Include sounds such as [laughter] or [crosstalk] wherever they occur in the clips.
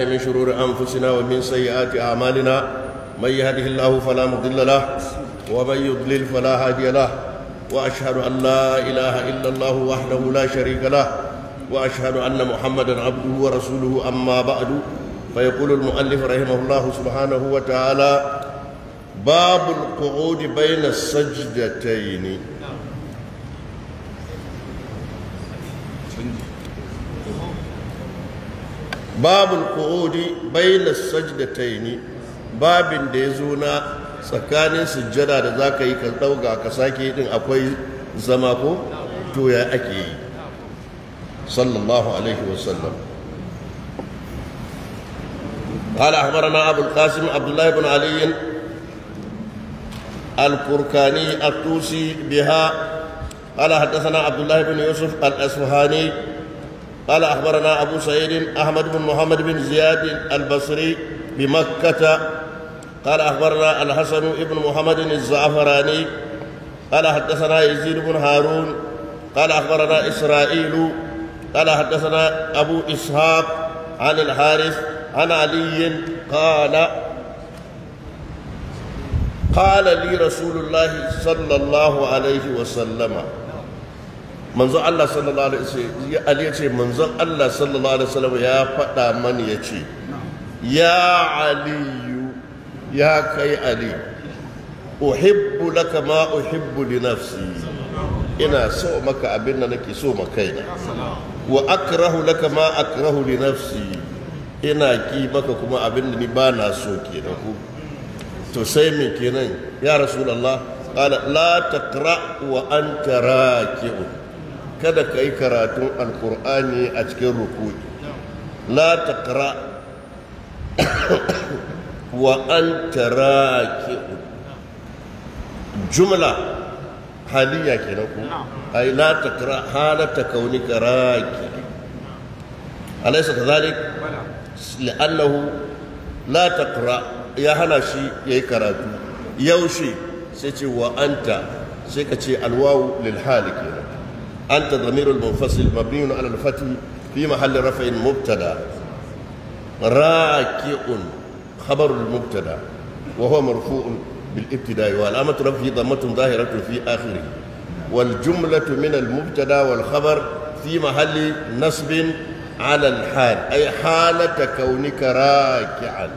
من شرور أنفسنا ومن سيئات أعمالنا من يهده الله فلا مضل له ومن يضلل فلا هادي له وأشهد أن لا إله إلا الله وحده لا شريك له وأشهد أن محمدا عبده ورسوله أما بعد فيقول المؤلف رحمه الله سبحانه وتعالى باب القعود بين السجدتين babul qu'udi ta sajdataini babin da ya zo na tsakanin sujjada da za ka yi ka ɗauka ka sake din akwai zama ko to ya ake yi sallallahu alaihi wasallam قال أخبرنا أبو القاسم عبد الله بن علي الكركاني الطوسي بها قال حدثنا عبد الله بن يوسف الأسفهاني قال أخبرنا أبو سعيد أحمد بن محمد بن زياد البصري بمكة قال أخبرنا الحسن بن محمد الزعفراني قال حدثنا يزيد بن هارون قال أخبرنا إسرائيل قال حدثنا أبو إسحاق عن الحارث عن علي قال قال لي رسول الله صلى الله عليه وسلم manzon Allah sallallahu alaihi wasallam Ali ya ce manzon Allah sallallahu alaihi wasallam ya faɗa mani ya ce ya aliyu ya kai ali uhibbu laka ma uhibbu li nafsi ina so maka abin da nake so maka kaina wa akrahu laka ma akrahu li nafsi ina ki maka kuma abin da ni ba na so kenan ku to sai me kenan ya rasulullah qala la taqra wa anta raki'un kada ka yi karatun alkur'ani a cikin ruku'i la taqra [coughs] wa anta raki'un jumla haliya kenan ku ai la ta taqra halata kaunika raki ta kadhalik li'annahu la taqra ya hana shi ya yi karatu yaushe sai ce wa anta sai ka ce alwawu lil halik أنت ضمير المنفصل مبني على الفتح في محل رفع مبتدا راكع خبر المبتدا وهو مرفوع بالابتداء والعلامة رفعه ضمة ظاهرة في آخره والجملة من المبتدا والخبر في محل نصب على الحال أي حالة كونك راكعا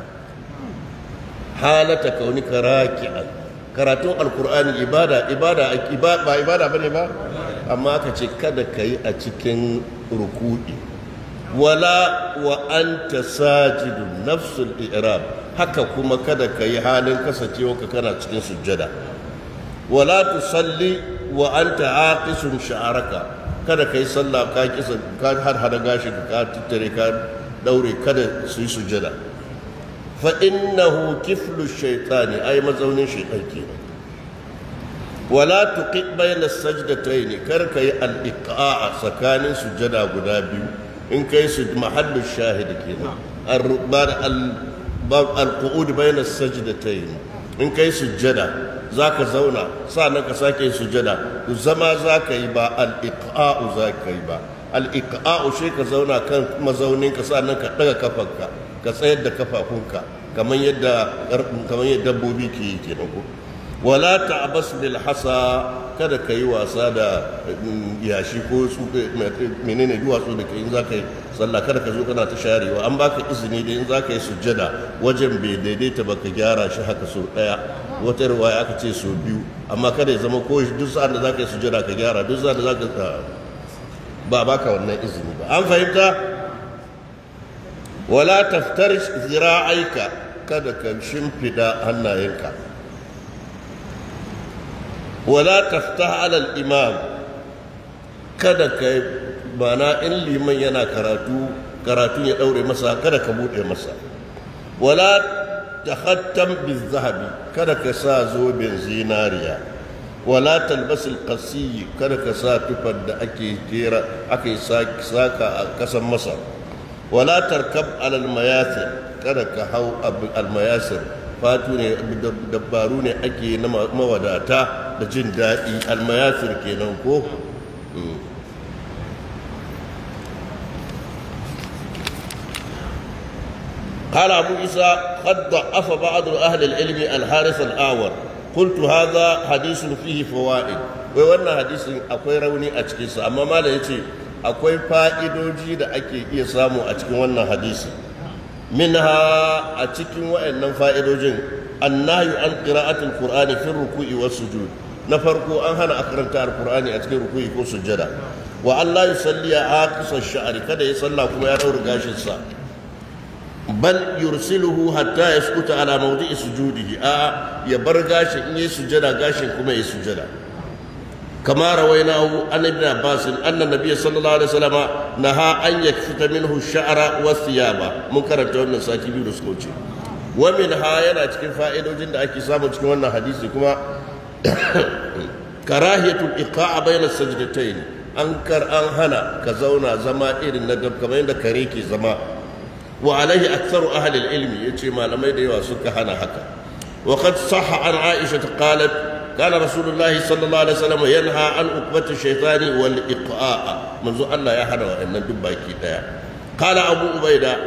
حالة كونك راكعا karatun alkur'ani ibada ibada ba ibada bane ba amma ka ce kada ka yi a cikin rukudi. wala wa an anta sajidun nafsul Iram, haka kuma kada ka yi halin kasancewa ka kana cikin sujjada wala salli wa an anta sun sha'araka kada ka yi sallah ka kisa ka har hada gashi ka tattare ka daure kada su yi sujjada fa innahu kiflu shaytani ai mazaunin shaitan kenan wala tuqi bayna sajdatayn kar ka yi al-iqa'a tsakanin sujada guda biyu in kai su mahallu shahid kenan ar-rubar al-qu'ud bayna sajdatayn in kai sujada zaka zauna sannan ka sake sujada ku zama zaka yi ba al-iqa'u zaka yi ba al-iqa'u shi ka zauna kan mazaunin ka sannan ka daga kafanka ka tsayar da kafafunka kamar yadda kamar yadda dabbobi ke yi kenan ko wala ta'bas bil hasa kada ka yi wasa da mm, yashi ko su menene duwatsu da in za ka yi sallah kada ka zo kana ta sharewa an baka izini da in za ka yi sujjada wajen bai daidaita ba ka gyara shi haka sau daya wata riwaya aka ce sau biyu amma kada ya zama ko duk sa'an da za ka yi sujjada ka gyara duk sa'an da za ka ah, ba baka wannan izini ba an fahimta wala taftarish zira'aika kada ka shimfida hannayenka wala taftah alal imam mana in liman yana karatu karatun ya daure masa kada ka bude masa wala takhattam bizahabi kada ka sa zoben zinariya wala talbasul qasiy kada ka sa tufar da ake jera saka a kasan masa wala tarkab alal mayasir kada ka hau al mayasir fatu ne dabbaru ne ake na mawadata da jin daɗi almayasir kenan ko قال أبو عيسى قد ضعف بعض أهل العلم الحارث الأعور قلت هذا حديث فيه فوائد وأن حديث أكوي روني أتكيس أما ما ليتي أكوي فائدوجي دا أكي إيسامو أتكي وأن حديث منها أتكي وأن فائدوجي النهي عن قراءة القرآن في الركوع والسجود na farko an hana a karanta alkur'ani a cikin rukuyi ko sujjada wa Allah ya salli a aqsa sha'ari, kada ya salla kuma ya ɗaura gashin sa bal yursiluhu hatta yaskuta ala mawdi'i sujudihi a ya bar gashin in yi sujjada gashin kuma ya sujjada كما sallallahu alaihi ابن naha an yakfita minhu sha'ra wa thiyaba mun karanta wannan منه biyu da suka wuce wa min ha yana cikin fa'idojin da ake samu cikin wannan hadisi kuma [coughs] karahiyatul iqa'a bayna sajdatayn an kar an hana ka zauna zama irin na gab kamar yadda kare ke zama wa alaihi aktsaru ahli ilmi yace malamai da yawa suka hana haka wa qad sahha an aisha qalat kana rasulullahi sallallahu alaihi wasallam yanha an ukbati shaytani wal iqa'a manzo Allah ya hana wa'annan duk baki daya qala abu ubaida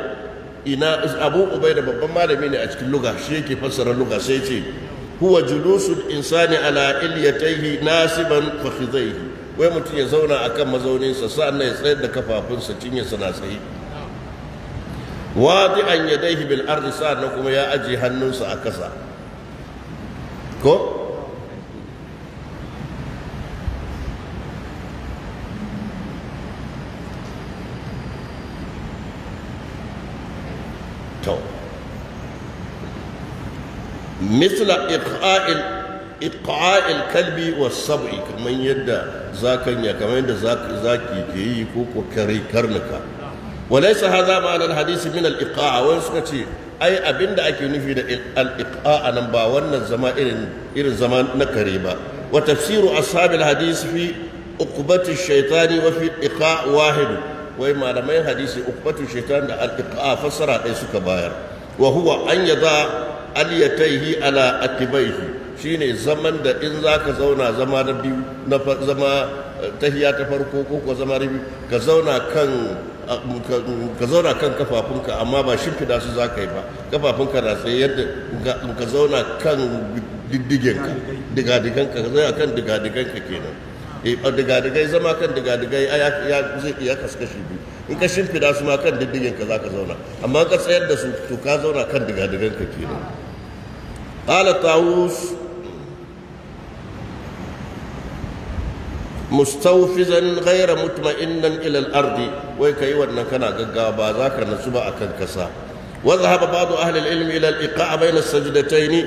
babban malami ne a cikin lugha shi yake fassara lugha sai ce huwa julusul insani ala ilyatayhi nasiban fa wai mutum ya zauna akan mazauninsa sa'annan ya tsayar da kafafunsa cinyarsa na tsaye wadi an yadaihi bil ardi sa'annan kuma ya ajiye hannunsa a kasa ko misla iqa'il iqa'il kalbi was sab'i kamar yadda zakan ya kamar yadda zaki ke yi ko ko kare karnuka walaysa hadha ma'ana al-hadisi min al-iqa'a wa suka ce ai abinda ake nufi da al-iqa'a nan ba wannan zama irin zama na kare ba wa tafsiru ashab al-hadisi fi uqbati ash wai malamai hadisi uqbatu shaytan da al fassara dai suka bayar wa huwa aliyataihi ala akibaihi shine zaman da in za ka zauna zama na biyu na zama eh, tahiya ta farko ko ko zama na biyu ka zauna kan ka zauna kan kafafunka amma ba shimfida su za ka yi ba kafafunka na tsaye yadda ka zauna kan diddigenka digadiganka ka zauna kan digadiganka kenan eh, digadigai zama kan digadigai zai iya kaskashi biyu in ka shimfida su ma kan diddigenka za ka zauna amma ka tsayar da su to ka zauna kan digadiganka kenan قال طاووس مستوفزا غير مطمئنا الى الارض ويكاي wannan kana gaggawa ba zaka nasu ba akan kasa وذهب بعض اهل العلم الى الايقاع بين السجدتين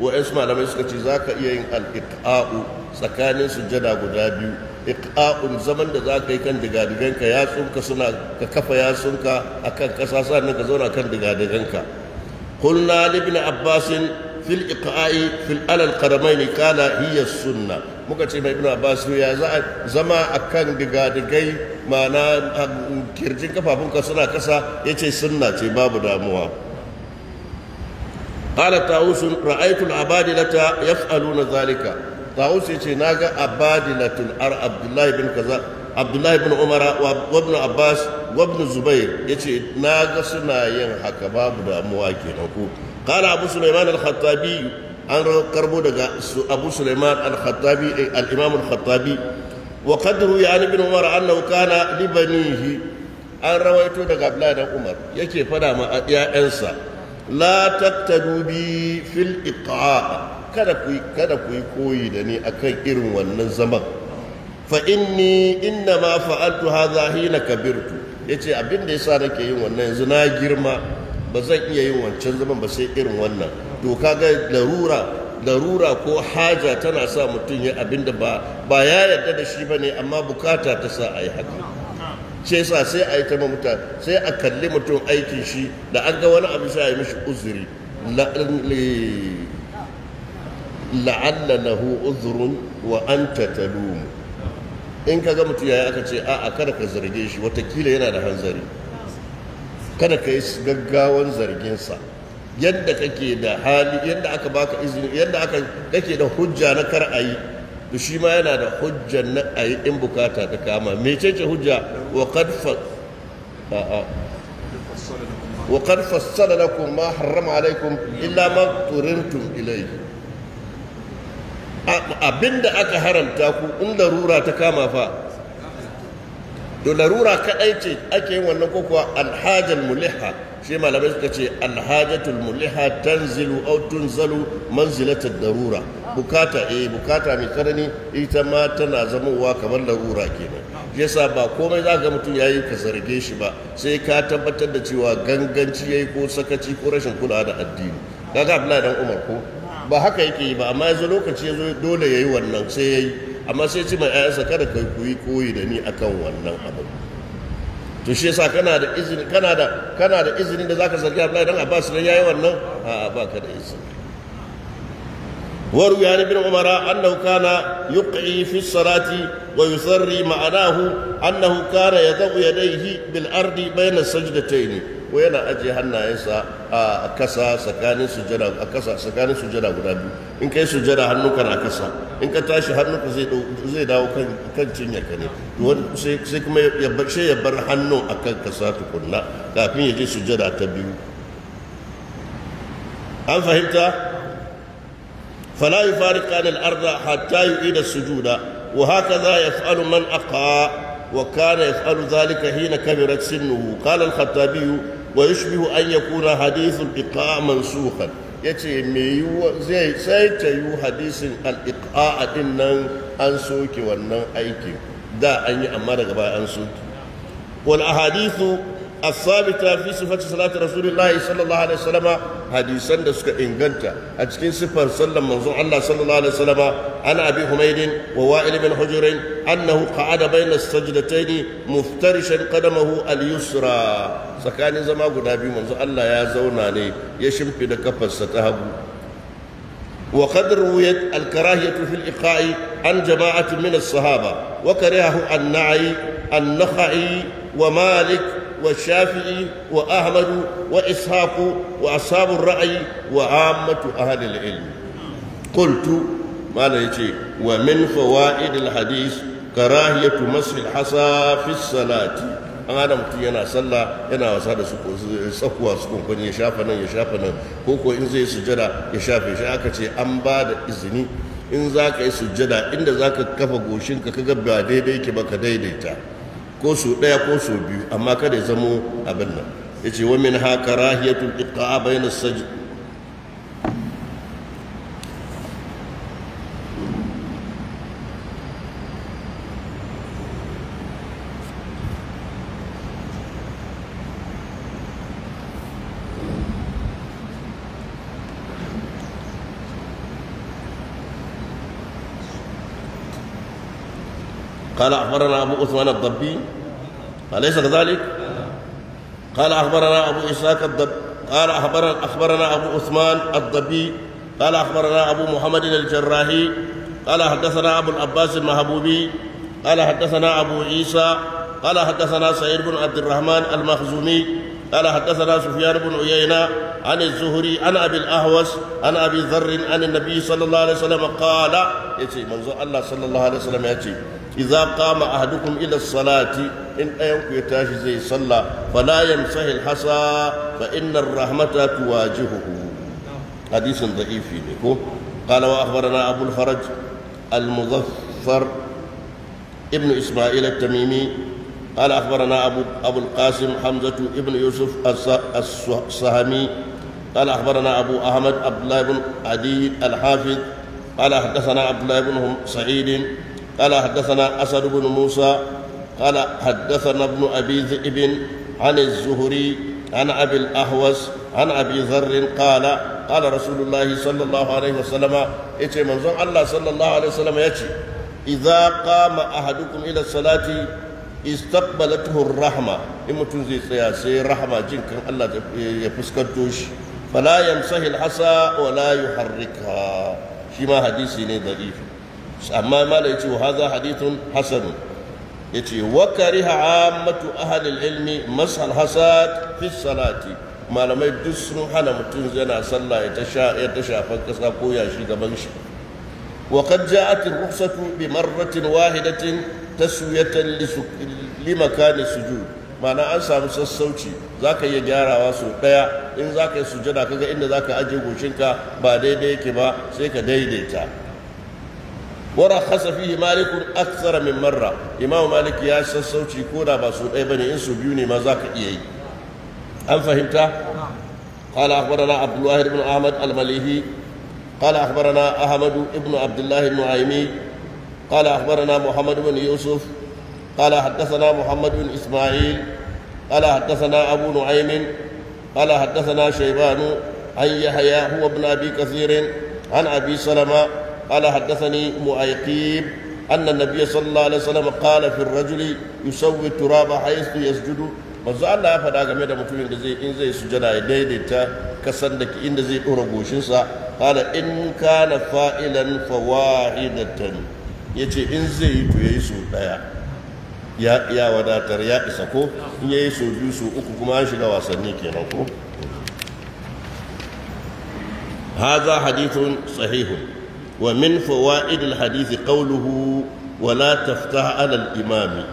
واسمع لما suka ce zaka iya yin al-iqa'u tsakanin sujada guda biyu iqa'un zaman da zaka yi kan digadiganka yatsunka suna ka kafa yatsunka akan kasa sannan ka zauna kan digadiganka qulna li ibn abbasin fil iqa'i fil alal qaramain kana hiya sunna muka ce mai ibnu abbas ya za zama akan diga digai mana kirjin kafafun ka suna kasa yace sunna ce babu damuwa qala taus ra'aytu al abadilata yaf'aluna zalika taus yace naga abadilatul ar abdullah ibn kaza abdullah ibn umar wa ibn abbas wa ibn zubair yace naga suna yin haka babu damuwa kenan ko قال أبو سليمان الخطابي أن كربو دقا أبو سليمان الخطابي أي الإمام الخطابي وقد روي عن ابن عمر أنه كان لبنيه أن رويته دقا بلاد عمر يكي فدا ما يا أنسى لا تقتدوا بي في الإقعاء kada ku kada ku koyi da ni akan irin wannan zaman fa inni inna ma fa'altu hadha hina kabirtu yace abin da yasa nake yin wannan yanzu na girma ba zan iya yin wancan zaman ba sai irin wannan to kaga larura larura ko haja tana sa mutum ya abin da ba ya yarda da shi ba ne amma bukata ta sa a haka ce sa sai a yi ta mamuta sai a kalli mutum aikin shi da an ga wani abu sai a yi mishi uzuri La'allanahu uzurun wa anta in ka ga mutum yayi aka ce a'a kada ka zarge shi watakila yana da hanzari kada ka yi gaggawan zarginsa yadda kake da hali yadda aka baka izini yadda aka kake da hujja na kar a yi to shi ma yana da hujja na a yi in bukata ta kama mecece hujja wa qad fa wa qad fassala lakum ma harrama alaikum illa ma turintum ilayhi abinda aka haramta ku in larura ta kama fa to larura kaɗai ce ake yin wannan kokowa alhajjal muliha shi malamai suka ce alhajatul muliha tanzilu tun tunzalu manzilatud darura bukata eh bukata mai karani ita ma tana zamowa kamar larura kenan yasa ba komai za ga mutum yayi ka zarge shi ba sai ka tabbatar da cewa ganganci yayi ko sakaci ko rashin kula da addini kaga Abdullahi dan Umar ko ba haka yake yi ba amma yazo lokaci yazo dole yayi wannan sai yayi amma sai ci mai ayansa kada ka yi koyi da ni akan wannan abu to shi yasa kana da izini kana da kana da izini da zaka zargi Abdullahi dan Abbas dan yayi wannan a ba ka da izini waru ya bin umara annahu kana yuqi fi salati wa yusarri ma'anahu annahu kana yadu yadayhi bil ardi bayna sajdatayn wa yana aje hannayensa a kasa tsakanin sujada a kasa tsakanin sujada guda biyu in kai sujada hannunka na kasa in ka tashi hannunka zai zai dawo kan kan ka ne to sai sai kuma ya bar sai ya bar hannun akan kasa tukunna kafin ya je sujada ta biyu an fahimta فلا يفارقان الأرض حتى يعيد السجود وهكذا يفعل من أقى وكان يفعل ذلك حين كبرت سنه قال الخطابي wa yushbihu an yakuna hadithun iqa mansukhan yace me yiwa zai sai hadisin al-iqa nan an soke wannan aikin? da anyi yi amma daga baya an soke wal ahadithu الثابتة في صفة صلاة رسول الله صلى الله عليه وسلم حديثا دسك إنغنتا أتكين صفة صلى منظور الله صلى الله عليه وسلم عن أبي حميد ووائل بن حجر أنه قعد بين السجدتين مفترشا قدمه اليسرى سكاني زما قدابي منظور الله يا زوناني يشمفي دكفة ستهب وقد رويت الكراهية في الإقاء عن جماعة من الصحابة وكرهه النعي النخعي ومالك والشافعي وأحمد وإسحاق وأصحاب الرأي وعامة أهل العلم قلت ما يجي ومن فوائد الحديث كراهية مسح الحصى في الصلاة an hada mutum yana sallah yana wasa da su tsakuwa su kunkun ya shafa nan ya shafa nan ko ko in zai sujada ya shafe shi aka ce an ba da izini in za ka yi sujada inda za ka kafa goshinka ka ga ba daidai ke ba ka daidaita ko su ɗaya ko su biyu amma kada ya zamo abin nan ya ce wa min haka rahiyatul iqa'a bayna sajda قال أخبرنا أبو عثمان الضبي أليس كذلك؟ قال أخبرنا أبو إسحاق الضب قال أخبرنا أخبرنا أبو عثمان الضبي قال أخبرنا أبو محمد الجراحي قال حدثنا أبو العباس المهبوبي قال حدثنا أبو عيسى قال حدثنا سعيد بن عبد الرحمن المخزومي قال حدثنا سفيان بن عيينة عن الزهري عن أبي الأهوس عن أبي ذر عن النبي صلى الله عليه وسلم قال يأتي منظور الله صلى الله عليه وسلم يأتي idza qama ahadukum ila salati in ɗayan ku ya tashi zai sallah fala yamsahi alhasa fa inna rahmata tuwajihuhu hadisin da'ifi ne ko قال واخبرنا ابو الفرج المظفر ابن اسماعيل التميمي قال اخبرنا ابو ابو القاسم حمزه ابن يوسف السهمي قال اخبرنا ابو احمد عبد الله بن عدي الحافظ قال حدثنا عبد الله بن سعيد قال حدثنا أسد بن موسى قال حدثنا ابن أبي ذئب عن الزهري عن أبي الأهوس عن أبي ذر قال قال رسول الله صلى الله عليه وسلم يتي منظر الله صلى الله عليه وسلم يتي إذا قام أحدكم إلى الصلاة استقبلته الرحمة إما تنزي سياسي رحمة جنك الله يفسكتوش فلا يمسه الحسى ولا يحركها شما حديثي ضعيف amma mala ce wa haza hadithun hasan yace wa kariha ammatu halin ilmi masal hasad fi salati malamai duk sun hana mutum yana sallah ya ta shafan kasa ko yashi gaban shi وقد wahidatin الرخصة بمرة limaka ne su ju. ma'ana an samu sassauci za ka iya gyarawa sau ɗaya in za ka yi sujada kaga inda za ka ajiye goshinka ba daidai yake ba sai ka daidaita ورخص فيه مالك أكثر من مرة إمام مالك يا سوتي كونا بسوط ابن إنسو بيوني مزاك إيه هل فهمت؟ قال أخبرنا عبد الله بن أحمد المليهي قال أخبرنا أحمد بن عبد الله النعيمي قال أخبرنا محمد بن يوسف قال حدثنا محمد بن إسماعيل قال حدثنا أبو نعيم قال حدثنا شيبان عن يحيى هو ابن أبي كثير عن أبي سلمة قال حدثني مؤيقيب أن النبي صلى الله عليه وسلم قال في الرجل يسوي التراب حيث يسجد manzo Allah ya faɗa game da mutumin da zai in zai sujada ya daidaita kasan da inda zai ɗora goshinsa kala in kana fa'ilan fa ya yace in zai yi to yayi so daya ya ya wadatar ya isa ko in yayi so biyu so uku kuma an shiga wasanni kenan ko hadha hadithun sahihun ومن فوائد الحديث قوله ولا تفتح على imami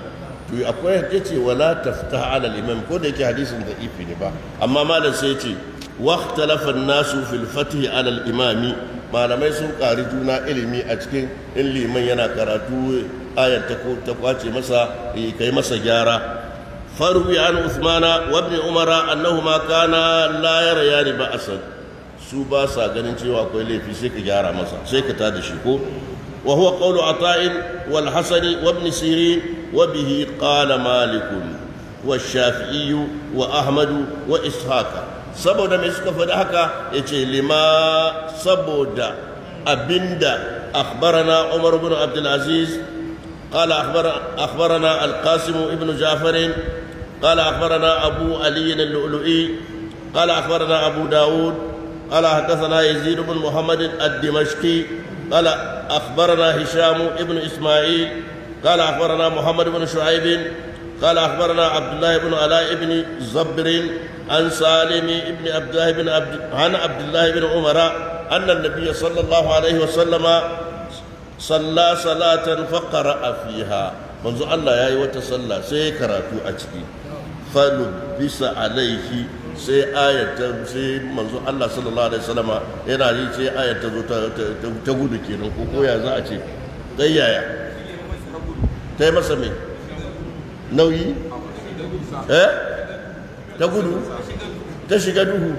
to akwai yace wala tafta ala al ko da yake hadisin da'ifi ne ba amma malam sai yace واختلف الناس في الفتح على الإمام malamai sun kari juna ilimi a cikin in liman yana karatu ayar ta kwace masa eh, kai masa gyara faruwi an usmana wa ibn umara annahuma kana la yarayani ba'asan su ba sa ganin cewa akwai laifi sai ka gyara masa sai ka tada shi ko wa huwa qawlu ata'in wal hasani wa ibn sirin wa bihi qala malik wa shafi'i wa ahmad wa ishaqa saboda me suka faɗi haka yace lima saboda abinda akhbarana umar ibn abdul aziz قال أخبر أخبرنا القاسم ابن جعفر قال أخبرنا أبو علي اللؤلؤي قال أخبرنا أبو داود قال حدثنا يزيد بن محمد الدمشقي قال أخبرنا هشام بن إسماعيل قال أخبرنا محمد بن شعيب قال أخبرنا عبد الله بن علاء بن زبر عن سالم بن عبد الله بن عبد عن عبد الله بن عمر أن النبي صلى الله عليه وسلم صلى صلاة فقرأ فيها منذ الله يا وتصلى سيكرا في أجلي فلبس عليه sai ayar ta sai manzo Allah sallallahu alaihi wasallam yana yi sai ayar ta zo ta gudu kenan ko koya za a ce dai yaya ta yi masa me nauyi eh, eh? ta gudu ta shiga duhu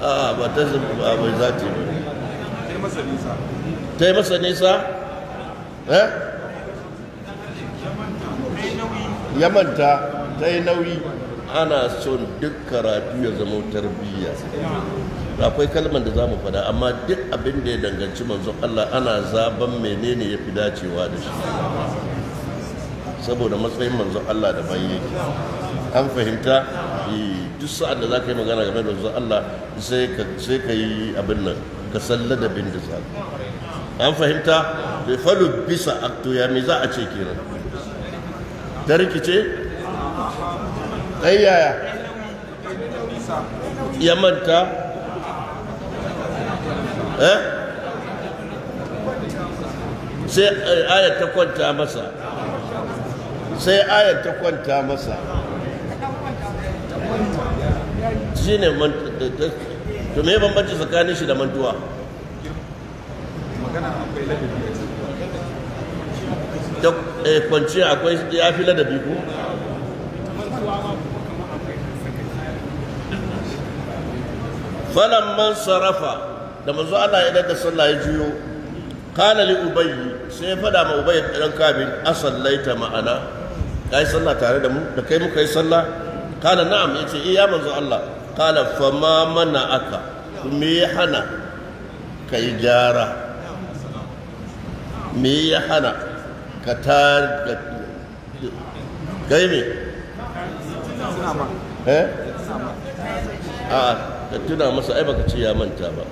a ba ta zama ba bai za ta yi ta yi masa nisa eh yamanta manta ta yi nauyi ana son duk karatu ya zama tarbiyya akwai kalmar da za mu fada amma duk abin da ya danganci manzon Allah ana zaben menene ya fi dacewa da shi saboda matsayin manzon Allah da ban yake an fahimta eh, duk sa'ad da za ka yi magana game da manzon Allah sai ka yi abin nan ka salla da bin da an fahimta da falu bisa aktu ya me za a ce kenan ta rikice ai yaya ya manta eh sai eh, ayat ta kwanta masa sai ayat ta kwanta masa shi ne manta to me bambanci tsakanin shi da mantuwa ta eh, kwanci akwai ya fi ladabi ko Falan man sarrafa da manzo Allah idan da sallah ya juyo kana li ubayy sai ya fada ma ubayy dan kabin asallaita ma'ana kai sallah tare da mu da kai muka yi sallah kana na'am yace eh ya manzo Allah qala fama mana aka me ya hana kai jara me ya hana ka tar kai me eh a ka tuna masa ai baka ce ya manta ba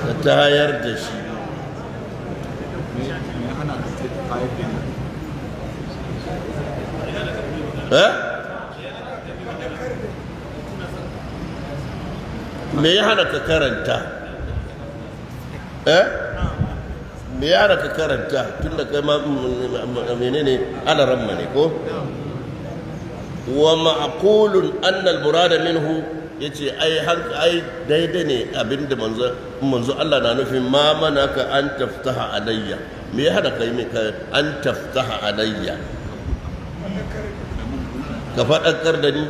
ka tayar da shi me ya hana ka karanta eh me ya hana ka karanta tun da kai ma mm, mm, mm, menene alaramma ne ko wa ma'qulun anna al da minhu ya ce, ai daidai ne abinda manzo manzo Allah na nufin ma mana ka an taftaha alayya me ya hada kai ka an taftaha alayya ka faɗakar da ni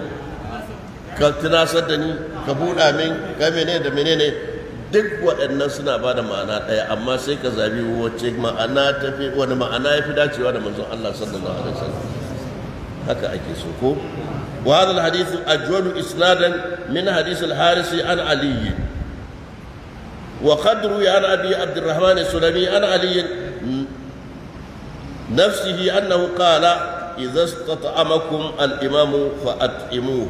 ka tunasar da ni ka buɗa min ka menene da ne. duk waɗannan suna ba da ma'ana ɗaya amma sai ka zabi wacce wani ma'ana ya fi dacewa da manzon Allah sallallahu alaihi wasallam haka ake so ko wa hadha alhadith ajwadu isnadan min hadith alharisi an ali wa qad ruwiya an abi abd sulami an ali نفسه أنه قال إذا استطعمكم الإمام فأطعموه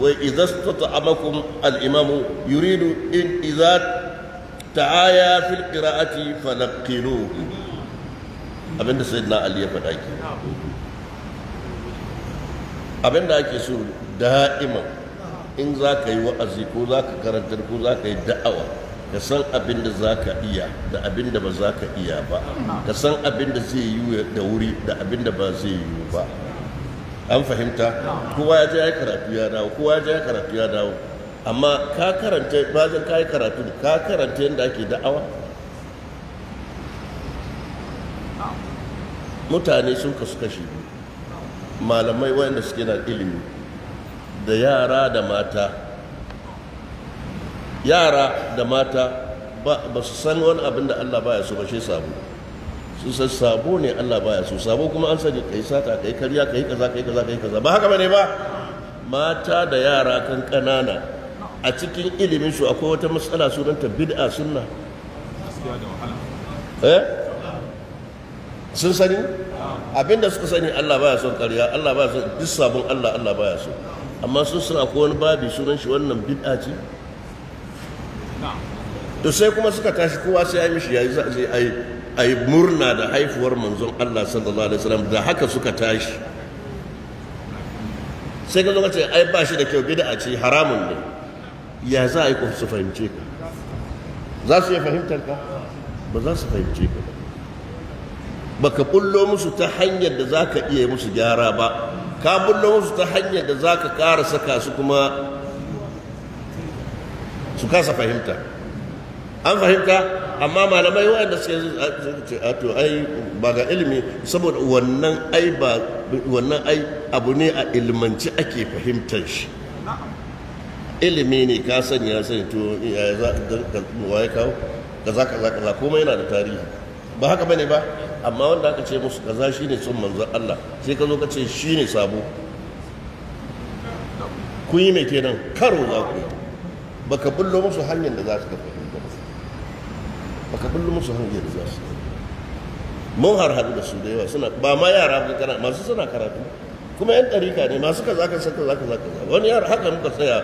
وإذا استطعمكم الإمام يريد إن إذا تعايا في القراءة فلقنوه أبن سيدنا علي فدايكي abin da ake so da'iman in za ka yi wa'azi ko za ka karantar ko za ka yi da'awa ka san abin da za ka iya da abin da ba za ka iya ba ka san abin da zai yi da wuri da abin da ba zai yi ba an fahimta kowa ya je ya karatu ya dawo kowa ya je ya karatu ya dawo amma ka karanta bayan ka yi karatu ka karanta yadda ake da'awa mutane sun kasu kashi biyu malamai wayanda suke na ilimi da yara da mata yara da mata ba su san wani abin da Allah baya so ba shi sabo su san sabo ne Allah baya so sabo kuma an sani kai sata kai karya kai kaza kai kaza kai kaza ba haka bane ba mata da yara kan kanana a cikin ilimin su akwai wata matsala sunanta bid'a sunna eh sun sani abinda suka sani Allah baya son ƙarya Allah baya son duk sabon Allah Allah baya so amma sun san akwai wani babi sunan shi wannan bid'a ce to sai kuma suka tashi kowa sai ya mishi yayi zai ai ai murna da haifuwar manzon Allah sallallahu alaihi wasallam da haka suka tashi sai ka zo ka ce ai ba shi da kyau bid'a ce haramun ne ya za a yi ku su fahimce ka za su iya fahimtar ka ba za su fahimce ka ba baka bullo musu ta hanyar da zaka iya musu gyara ba ka bullo musu ta hanyar da zaka ƙara saka su kuma su kasa fahimta an fahimta amma malamai wanda suke a to ai ba ga ilimi saboda wannan ai ba wannan ai abu ne a ilmanci ake fahimtar shi ilimi ne ka sanya ya sani to ya za ka waye kawo kaza kaza kaza komai yana da tarihi ba haka bane ba amma wanda aka ce musu kaza shine sun manzon Allah sai ka zo ka ce shine sabo kun yi mai kenan karo za ku baka bullo musu hanyar da za su ka fahimta baka bullo musu hanyar da za su mun har haɗu da su da yawa suna ba ma yara ba kana masu suna karatu kuma yan ɗarika ne masu ka ka saka zaka zaka wani yara haka muka tsaya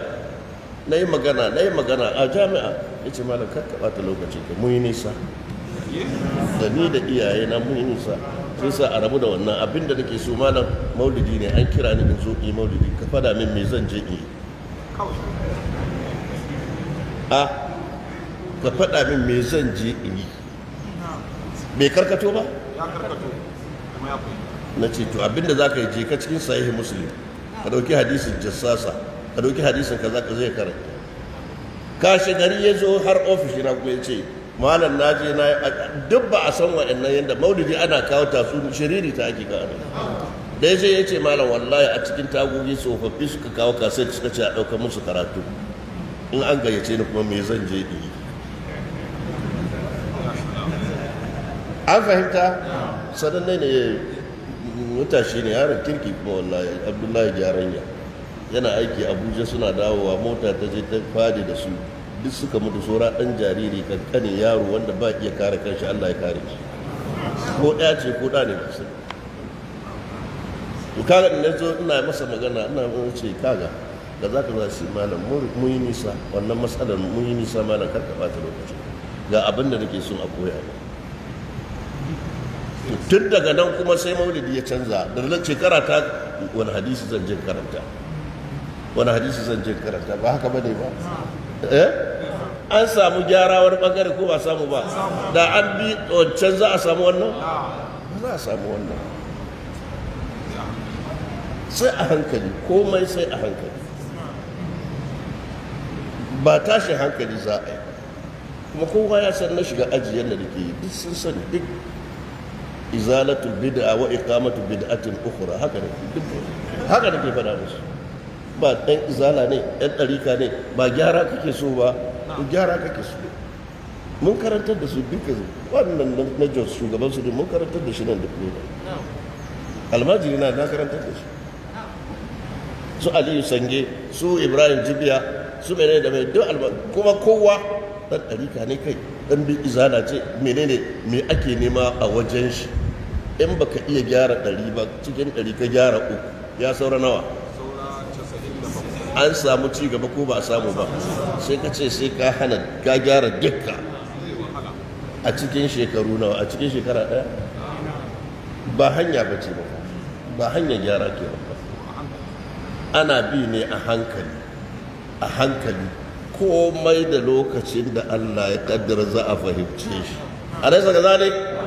na yi magana na yi magana a jami'a ya ce malam kar ka ɓata lokaci ka mun yi nisa da ni da iyaye na mun sun sa a rabu da wannan abin da nake so malam maulidi ne an kira ni in zo in maulidi ka fada min me zan je in yi a ka fada min me zan je in yi bai karkato ba na ce to abinda za ka yi je ka cikin sahihi muslim ka dauki hadisin jassasa ka dauki hadisin kaza ka zai karanta kashe gari ya zo har ofishi na kuma ya ce malam na je na duk ba a san wa'annan yadda maulidi ana kawo tasu shiriri ta ake kawo da ya ya ce malam wallahi a cikin tagogi tsofaffi suka kawo kaset suka ce a ɗaukar musu karatu in an gayyace ni kuma me zan je ɗi an fahimta sanannai ne mutashi ne yaron kirki kuma wallahi abdullahi jaranya yana aiki abuja suna dawowa mota ta je ta fadi da su duk suka mutu sora ɗan jariri kankani yaro wanda ba iya kare kanshi Allah ya kare shi ko ɗaya ce ko ɗa ne kusa to kaga da zo ina masa magana ina ce kaga da za ka shi malam mun yi nisa wannan matsalar mun yi nisa malam kar ka bata lokaci ga abin da nake son a koya tun daga nan kuma sai maulidi ya canza da nan shekara ta wani hadisi zan jin karanta wani hadisi zan jin karanta ba haka ba ne ba eh an samu gyara wani bangare ko ba samu ba da an bi wancan za a samu wannan za a samu wannan sai a hankali komai sai a hankali ba tashi hankali za a yi kuma kowa ya san na shiga aji yadda da ke yi duk sun sani duk izalatul bid'a wa iqamatul bid'atin ukhra haka ne haka ne ke faɗa musu ba ɗan izala ne ɗan ɗarika ne ba gyara kake so ba ku gyara kake so mun karantar da su duka wannan na jos shugaban su mun karantar da shi nan da kuma almajiri na na karantar da shi su aliyu sange su ibrahim jibiya su menene da mai duk alba kuma kowa dan ɗarika ne kai dan bi izana ce menene me ake nema a wajen shi in baka iya gyara ɗari ba cikin ɗari ka gyara uku ya saura nawa an samu ci gaba ko ba a samu ba sai ka ce sai ka hana ka gyara dukka a cikin shekaru nawa a cikin shekara ɗaya ba hanya ba ce ba ba hanya gyara ke ba ana bi ne a hankali a hankali komai da lokacin da Allah ya kaddara za a fahimce shi a nesa ga zalik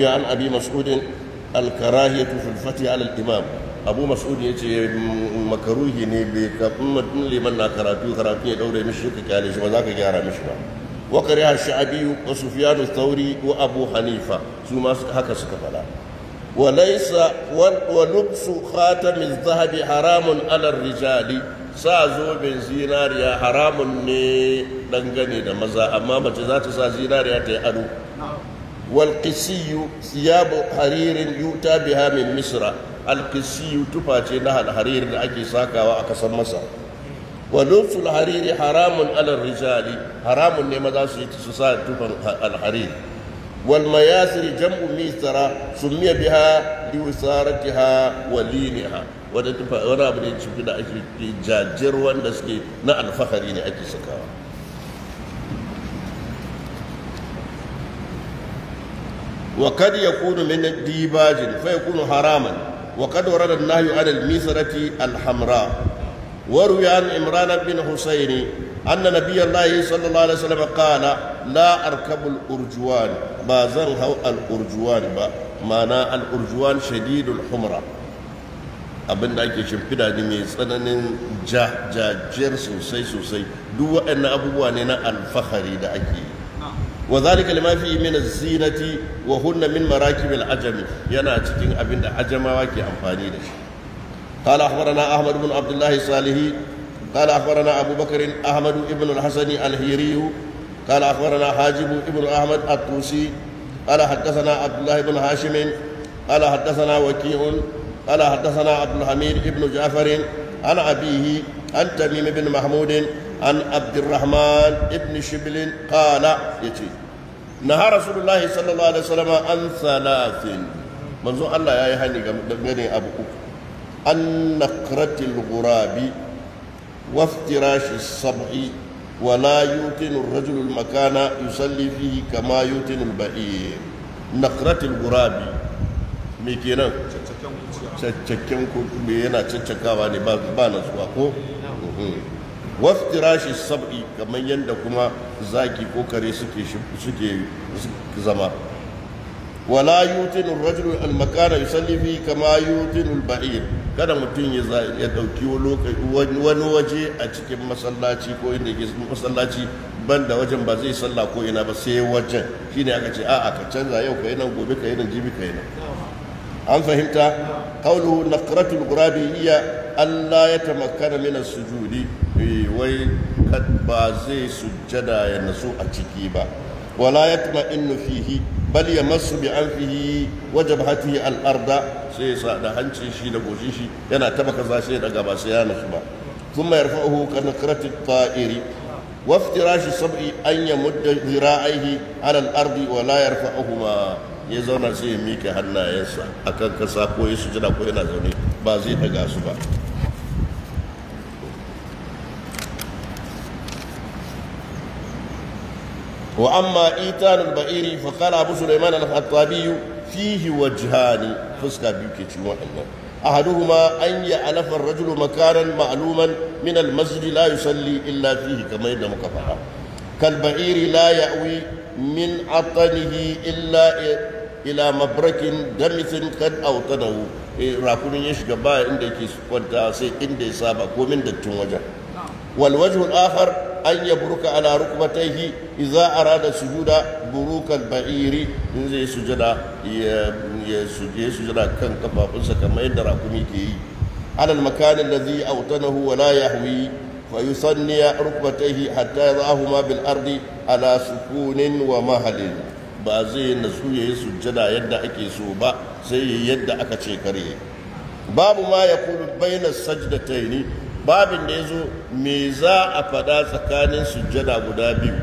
وروي عن أبي مسعود الكراهية في الفتح على الإمام abu mas'ud ya ce makaruhi ne bai kafin mutum liman na karatu karatu ya daure mishi ka kyale shi ba za ka gyara mishi ba wa kariha sha'abi wa sufyanu thauri wa abu hanifa su ma haka suka fada wa laysa wa lubsu zahabi haramun alar rijali sa zoben zinariya haramun ne dangane da maza amma mace za ta sa zinariya ta yi ado والقسي ثياب حرير يؤتى بها من مصر القسي تفاتي لها الحرير لأجي ساكا وأكسر مصر ولبس الحرير حرام على الرجال حرام لما داس يتسوسا الحرير والمياسر جمع ميسرة سمي بها لوسارتها ولينها وده تفا وراء بني تشوف كده أكي جاجر وان نسكي نا الفخرين أكي سكاوا وقد يكون من الديباج فيكون حراما وقد ورد النهي عن الميسرة الحمراء وروي عن عمران بن حسين أن نبي الله صلى الله عليه وسلم قال لا أركب الأرجوان ما زنهو الأرجوان ما معنى الأرجوان شديد الحمرة abin da ake shimfida ne mai tsananin jajajiyar sosai sosai duk waɗannan abubuwa ne na alfahari da ake yi wa zalika lima fi min zinati wa hunna min marakib al-ajami yana cikin abin da ajamawa ke amfani da shi qala akhbarana ahmad ibn abdullah salih qala akhbarana abu bakr ibn al-hasan al-hiri qala akhbarana hajib ibn ahmad at-tusi qala قال حدثنا عبد الحميد بن جعفر عن أبيه عن تميم بن محمود عن عبد الرحمن بن شبل قال يتي naha rasulullahi sallallahu alaihi wasallam an salatin manzon Allah yayi hani game abu uku an naqratil ghurabi wa iftirashi sab'i wa la yutinu ar-rajulu makana yusalli fihi kama yutinu al-ba'ir naqratil ghurabi me kenan caccakken kuma yana caccakawa ba na zuwa ko waftirashi sab'i kamar yadda kuma zaki ko kare suke suke zama wala yutinu rajulu al-makana yusalli fi kama yutinu al-ba'ir kada mutum ya ya dauki wani waje a cikin masallaci ko inda yake masallaci banda wajen ba zai sallah ko ina ba sai wajen shine aka ce a'a ka canza yau kai nan gobe kai nan jibi kai nan an fahimta qawlu naqratul ghurabi iya Allah ya tamakkana mina sujudi eh, wai ba zai sujjada ya nasu a ciki ba wala yatma innu fihi bal masu bi an wa wajen al arda sai sa da hanci shi da goshin shi yana taba kaza sai daga ba sai ya nasu ba thumma yarfa'uhu kanakrati ta'iri wa iftirashi sab'i an yamudda dhira'aihi ala al ardi wa la yarfa'uhuma ya zauna sai ya miƙe hannayensa akan kasa ko ya sujada ko yana zaune ba zai daga su ba wa amma itanul ba'iri fa qala abu Suleiman al-khattabi fihi wajhani fuska biyu ke cikin wannan ahaduhuma an ya'lafa ar-rajulu makaran maaluman min al-masjid la yusalli illa fihi kama yadda muka faɗa kal ba'iri la ya'wi min atanihi illa ila mabrakin damisin kad awtanahu Eh, rakumin ya shiga ba inda yake kwanta sai inda ya saba komin dattin wajen wal wajhu akhar an ya buruka ala rukbatayhi idza arada sujuda burukal ba'iri in zai sujada ya suje sujada kan kafafunsa kamar yadda rakumi ke yi ala al-makan alladhi awtanahu wa la yahwi fa yusanni rukbatayhi hatta yadahuma bil ardi ala sukunin wa mahalin ba zai nasu ya yi sujjada yadda ake so ba sai yi yadda aka ce kare babu ma ya kuma yi ni. babin da ya zo me za a faɗa tsakanin sujjada guda biyu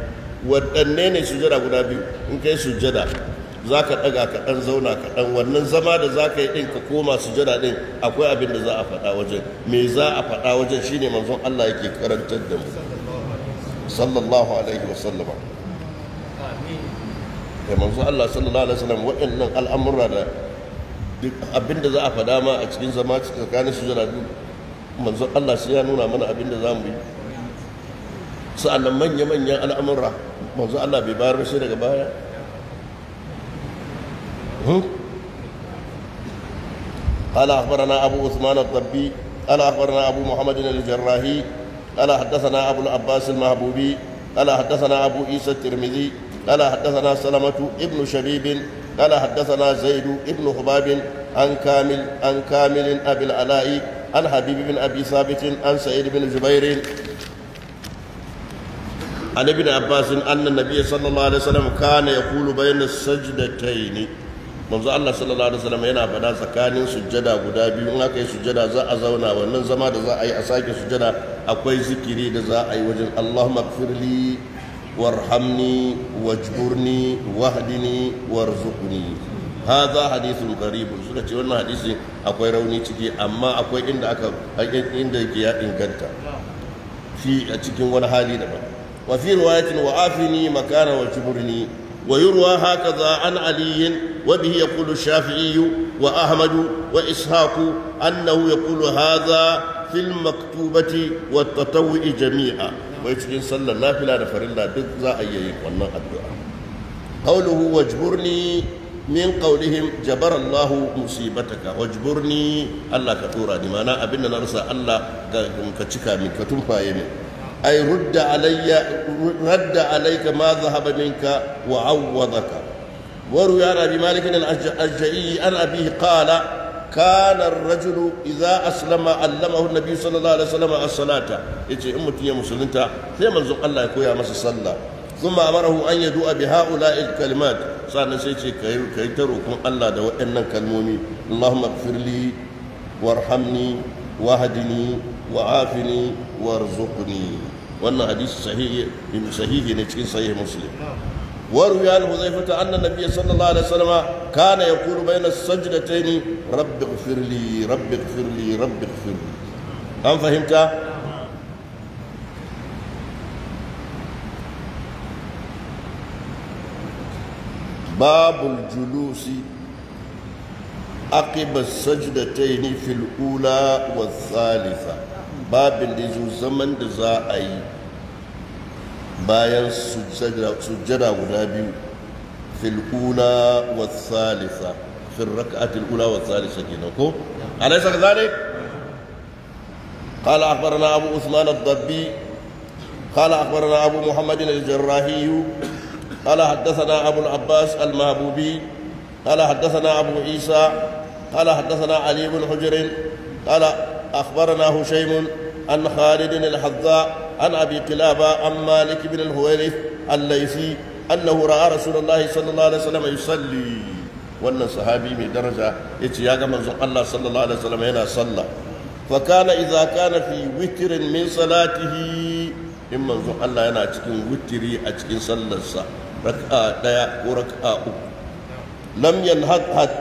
waɗanne ne sujjada guda biyu in kai sujjada za ka ɗaga ka ɗan zauna ka ɗan wannan zama da za ka yi ɗin ka koma sujjada ɗin akwai abin da za a faɗa wajen me za a faɗa wajen shine manzon Allah yake karantar da mu sallallahu alaihi wasallama amin da manzo Allah sallallahu alaihi wasallam waɗannan al'amura da duk abinda za a faɗa ma a cikin zama tsakanin su jira manzo Allah sai ya nuna mana abinda za mu yi sa'annan manya-manyan al'amura manzo Allah bai bayar shi daga baya قال أخبرنا أبو عثمان الضبي قال أخبرنا أبو محمد الجراحي قال حدثنا أبو العباس المهبوبي قال حدثنا أبو عيسى الترمذي قال حدثنا سلمة ابن شبيب قال حدثنا زيد ابن حباب عن كامل عن كامل أبي العلاء عن حبيب بن أبي ثابت عن سعيد بن جبير عن ابن عباس أن النبي صلى الله عليه وسلم كان يقول بين السجدتين manzo Allah sallallahu alaihi wasallam yana faɗa tsakanin sujjada guda biyu in aka yi sujjada za a zauna wannan zama da za a yi a sake sujjada akwai zikiri da za a yi wajen Allahumma gfirli وارحمني واجبرني واهدني وارزقني هذا حديث غريب سنة وانا حديث أكوي روني تجي أما أكوي إند أكب إند يا إن كنت في أتكين وانا حالي دبا وفي رواية وعافني مكان واجبرني ويروى هكذا عن علي وبه يقول الشافعي وأحمد وإسحاق أنه يقول هذا في المكتوبة والتطوع جميعا wai cikin sallar lafila da farilla duk za a yi wannan addu'a qawluhu wajburni min qawlihim jabara Allah musibataka wajburni Allah ka tura ni mana abinda na rasa Allah ka cika min ka tumfaye min ay rudda alayya radda alayka ma dhahaba minka wa awwadaka وروي عن ابي مالك الاشجعي عن ابيه قال كان الرجل إذا أسلم علمه النبي صلى الله عليه وسلم الصلاة يجي إن متي مسلمتا ثم منزق الله يكويا مس صلى ثم أمره أن يدعو بهؤلاء الكلمات صار سيجي كي تروكم الله دو إن كلموني اللهم اغفر لي وارحمني واهدني وعافني وارزقني وأن حديث صحيح صحيح نتكين صحيح مسلم وروي عن حذيفة أن النبي صلى الله عليه وسلم كان يقول بين السجدتين رب اغفر لي رب اغفر لي رب اغفر لي أم فهمت؟ باب الجلوس عقب السجدتين في الأولى والثالثة باب اللي زمن أي bayan sujjada guda biyu fil ula wa thalitha fil rak'atil ula wa thalitha kenan ko alaysa kadhalik قال أخبرنا أبو عثمان الضبي قال أخبرنا أبو محمد الجراحي قال حدثنا أبو العباس المهبوبي قال حدثنا أبو عيسى قال حدثنا علي بن حجر قال أخبرنا هشيم An خالد الحذاء عن ابي قلابه عن مالك بن الهويرث الليثي انه راى رسول الله صلى الله عليه وسلم wannan sahabi mai daraja ya ce ya ga manzon Allah sallallahu alaihi wasallam yana salla fa kana idza fi witrin min salatihi in manzon Allah yana cikin witri a cikin sallarsa raka'a daya ko raka'a uku lam ya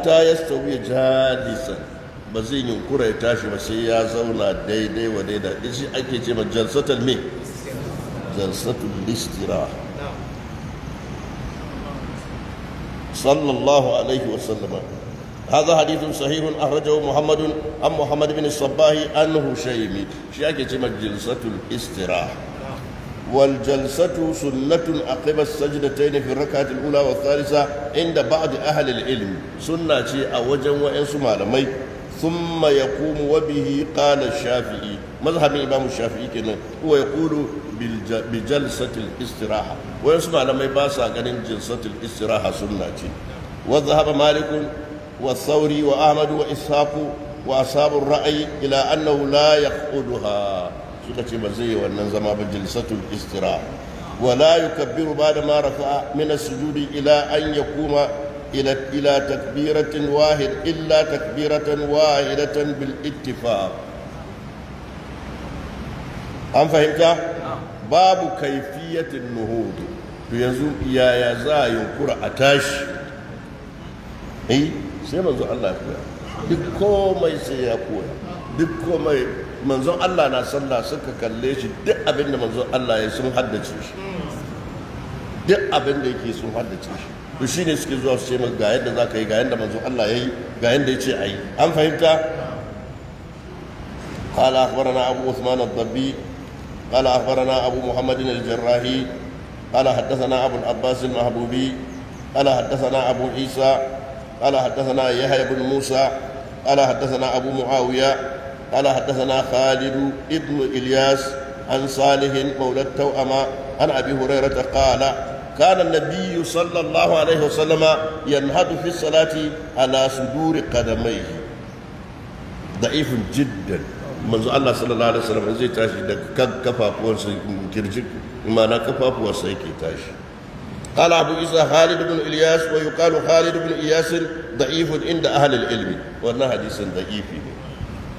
sauya yastawi jalisan ba zai yunkura ya tashi ba sai ya zauna daidai wa daidai da shi ake ce ma jansatul me jansatul listira sallallahu alaihi wa sallam هذا حديث صحيح أخرجه محمد عن محمد بن الصباح عن هشيمي شيء كما جلسة الاستراحة والجلسة سنة عقب السجدتين في الركعة الأولى والثالثة عند بعض أهل العلم سنة أوجه وإن سمع لمي thumma yaqumu wa bihi qala shafi'i mazhabin imam shafi'i kenan huwa yaqulu bi jalsatil istiraha wayan su malamai ba sa ganin jalsatil istiraha sunna ce wa dhahaba malik wa thawri wa ahmad wa ishaq wa ashabu ra'ayi ila annahu la yaquluha suka ce ba zai yi wannan zama ba jalsatul istiraha ولا يكبر بعد ما رفع من السجود إلى أن يقوم إلى إلى تكبيرة واحد إلا تكبيرة واحدة بالاتفاق أم فهمت؟ باب كيفية النهوض يزوم يا يا زا ينكر أتاش إيه سيما زو الله يقول duk sai ya koya duk komai manzon Allah na sallah suka kalle shi duk abin da manzon Allah ya sun haddace shi duk abin yake sun haddace shi to ne suke zuwa su ce maka ga yadda za ka yi ga yadda manzo Allah ya yi ga yadda ya ce a yi an fahimta qala akhbarana abu usman ad-dabi qala akhbarana abu muhammad al-jarrahi qala hadathana abu abbas al-mahbubi qala hadathana abu isa qala hadathana yahya ibn musa qala hadathana abu muawiya قال حدثنا خالد ابن الياس عن صالح مولى التوأمة عن ابي هريره قال كان النبي صلى الله عليه وسلم ينهض في الصلاة على صدور قدميه ضعيف جدا منذ الله صلى الله عليه وسلم زي تاشي دك كفافون كرجك ما نا كفافون سيكي تاشي قال أبو عيسى خالد بن إلياس ويقال خالد بن إياس ضعيف عند أهل العلم وأنا حديث ضعيف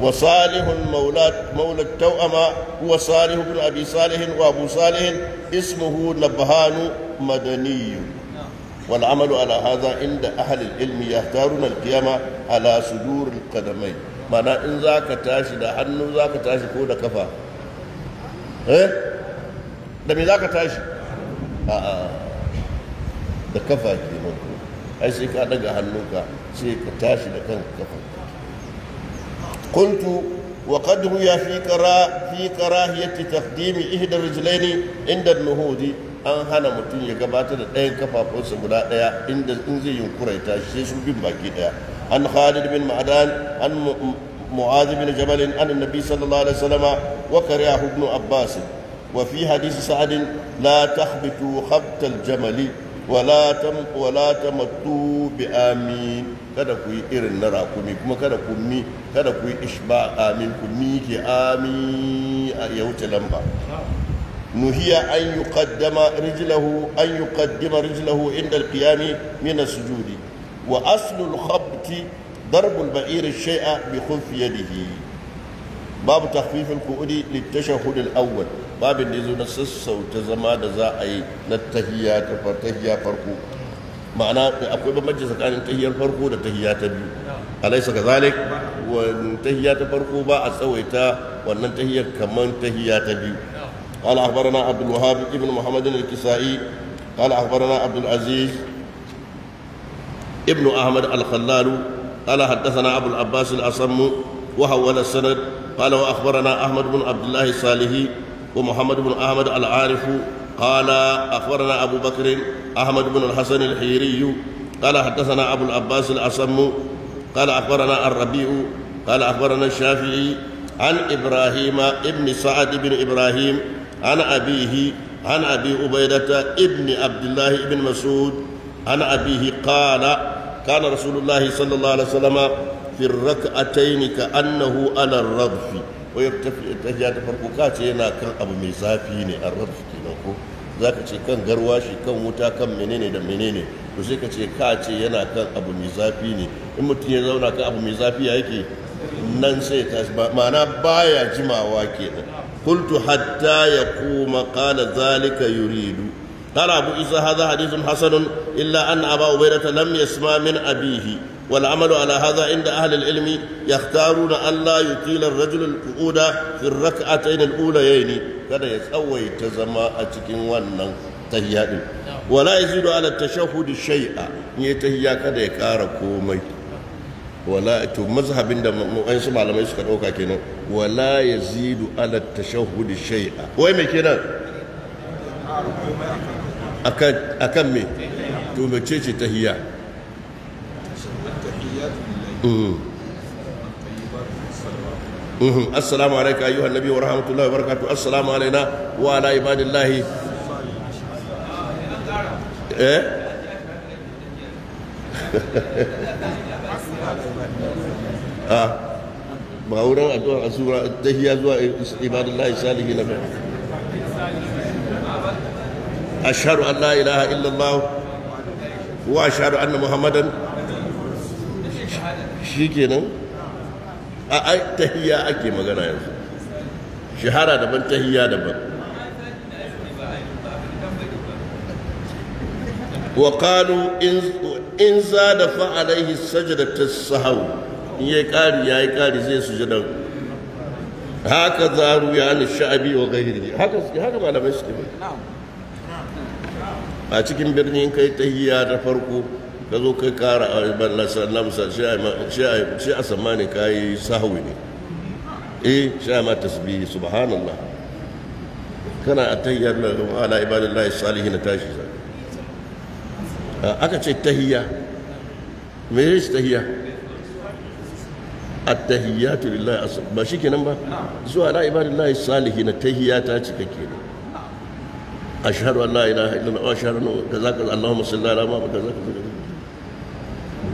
وصالح المولى مولى التوأمة هو صالح بن أبي صالح وأبو صالح اسمه نبهان مدني والعمل على هذا عند أهل العلم يختارون القيامة على صدور القدمين معنى إن ذاك تاشي دا حنو ذاك تاشي كودا كفا إيه؟ da me za ka tashi a'a da kafa ke mako ai sai ka daga hannunka sai ka tashi da kan kafa قلت وقد روي في كرا في كراهية تقديم إحدى الرجلين عند النهوض an hana mutum ya gabatar da ɗayan kafafunsa guda ɗaya inda in zai yunkura ya tashi sai sun bin baki ɗaya an khalid bin ma'adan an mu'adh bin an annabi sallallahu alaihi wasallam wa kariya ibn abbas wa fi la tahbitu khabt jamali wala ta matu bi amin kada ku yi irin na rakumi kuma kada ku mi kada ku yi ishba amin ku mi ke amin ya wuce lamba nuhiya an yi kaddama rijilahu an yi kaddima rijilahu inda alkiyami mina sujudi wa aslul khabti darbul ba'ir shay'a bi khuf yadihi babu takhfif al-qu'udi lit-tashahhud al-awwal babin da ya zo na sassauta zama da za a yi na tahiyya ta farko ma'ana akwai bambanci tsakanin tahiyar farko da tahiyya ta biyu alaisa ka zalik tahiyya ta farko ba a tsawaita wannan tahiyar kamar tahiyya ta biyu قال أخبرنا عبد الوهاب ابن محمد الكسائي قال أخبرنا عبد العزيز ابن أحمد الخلال قال حدثنا أبو العباس الأصم وحول السند قال وأخبرنا أحمد بن عبد الله الصالحي ومحمد بن أحمد العارف قال أخبرنا أبو بكر أحمد بن الحسن الحيري قال حدثنا أبو العباس الأصم قال أخبرنا الربيع قال أخبرنا الشافعي عن إبراهيم ابن سعد بن إبراهيم عن أبيه عن أبي عبيدة ابن عبد الله بن مسعود عن أبيه قال كان رسول الله صلى الله عليه وسلم في الركعتين كأنه على الرضف ko ya tafiya ta farko ka ce yana kan abu mai zafi ne a rabu kenan ko za ka ce kan garwashi kan wuta kan menene da menene to sai ka ce ka ce yana kan abu mai zafi ne in mutum ya zauna kan abu mai zafi ya yake nan sai ta ma'ana baya jimawa kenan kultu hatta ya kuma kala zalika yuridu قال أبو عيسى هذا حديث حسن إلا أن أبا عبيدة لم يسمع من أبيه والعمل على هذا عند أهل العلم يختارون ألا يطيل الرجل القعود في الركعتين الأوليين كذا يسوي تزما أتكين ونن تهيا ولا يزيد على التشهد شيئا يتهيا كذا يكار كومي ولا تو مذهب عند أي سمع لما يسكت أوكا كنا ولا يزيد على التشهد شيئا وين كنا a kan me to mace ce ta hiya mm. mm-hmm. assalamu alaikum ayyuhan nabi wa rahmatullahi wa barakatu assalamu alaina wa ala ibadillah eh? [laughs] ah. ba wurin zuwa أشهد أن لا إله إلا الله وأشهد أن محمدا شيكينا أي تهيا أكي مغانا ينسى شهارة دبن تهيا دبن وقالوا إن إن زاد فعليه السجدة السهو يكاري يا يكاري زي سجدة هكذا روي عن الشعبي وغيره هكذا هكذا ما لبست نعم a cikin birni kai tahiyya ta farko ka zo kai kara a balla sallam shi a samani ka yi sahawi ne eh shi a ma tasbihi subhanallah kana a tahiyyar da ala ibadillahi salihin tashi aka ce tahiyya me ya ce tahiyya at-tahiyyatu lillahi ba shi kenan ba zuwa ala ibadillahi salihin tahiyya ta cika kenan ashhadu an la ilaha illallah wa ashhadu anna kaza kaza allahumma salli ala muhammad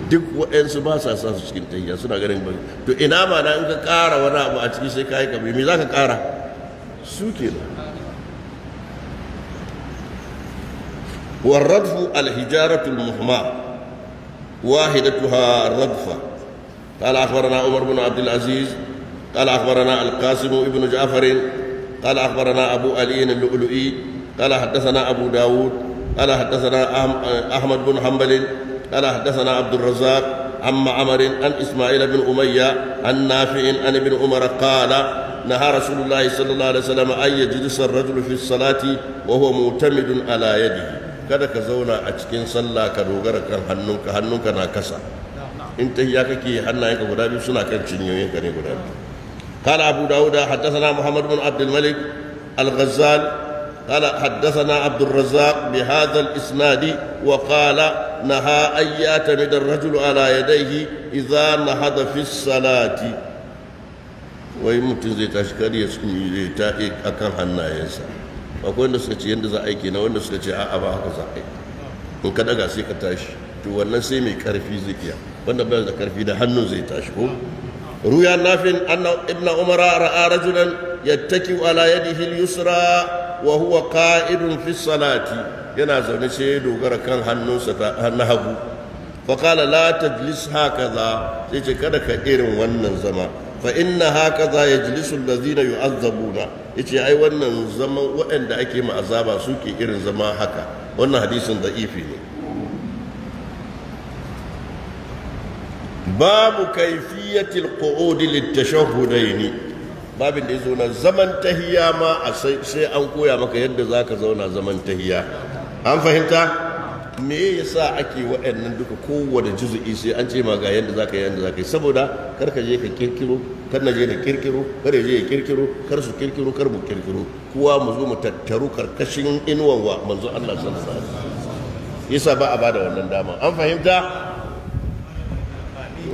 duk waɗansu ba sa sa su cikin tahiyya suna ganin ba to ina ma na in ka ƙara wani abu a ciki sai ka yi kabi me za ka ƙara su kenan والردف الحجارة المهمة واحدتها الردفة قال أخبرنا عمر بن عبد العزيز قال أخبرنا القاسم بن جعفر قال أخبرنا أبو علي اللؤلؤي قال حدثنا أبو داود قال حدثنا أحمد بن حنبل قال حدثنا عبد الرزاق عم عمر عن إسماعيل بن أمية عن نافع عن ابن عمر قال نهى رسول الله صلى الله عليه وسلم أن يجلس الرجل في الصلاة وهو معتمد على يده kada ka zauna a cikin sallah ka dogara kan hannunka hannunka na kasa in ta hiya kake hannayen ka guda biyu suna kan cinyoyin ne guda biyu kala abu dawuda haddasa na muhammad bin abdulmalik malik قال حدثنا عبد الرزاق بهذا الإسناد وقال نهى أن يعتمد الرجل على يديه إذا نهض في الصلاة ويمتن زي تشكري يسمي تائك أكان حنايسا akwai wanda suka ce yadda za a yi kenan wanda suka ce a'a ba haka za a yi in ka sai ka tashi to wannan sai mai karfi zai iya wanda bai da karfi da zai tashi nafin anna umara ra'a rajulan yattaki ala wa huwa qa'idun fi salati yana zaune sai ya dogara kan hannunsa ta hannu hagu fa qala la tajlis hakaza sai ce kada ka irin wannan zama fa inna hakaza yajlisu allazina yu'azzabuna yace ai wannan zaman waɗanda ake ma azaba suke irin zama haka wannan hadisin za'ifi ne باب كيفية القعود للتشهدين babin da ya zo na zaman tahiya ma a sai an koya maka yadda za ka zauna zaman tahiya an fahimta me ya sa ake waɗannan duka kowane juzu'i sai an ce ma ga yadda za ka yi yadda za ka yi saboda kar ka je ka kirkiro kar na je ka kirkiro kar je ya kirkiro kar su kirkiro kar mu kirkiro kowa mu zo mu tattaru karkashin inuwan wa manzo Allah sallallahu alaihi wasallam yasa ba a bada wannan dama an fahimta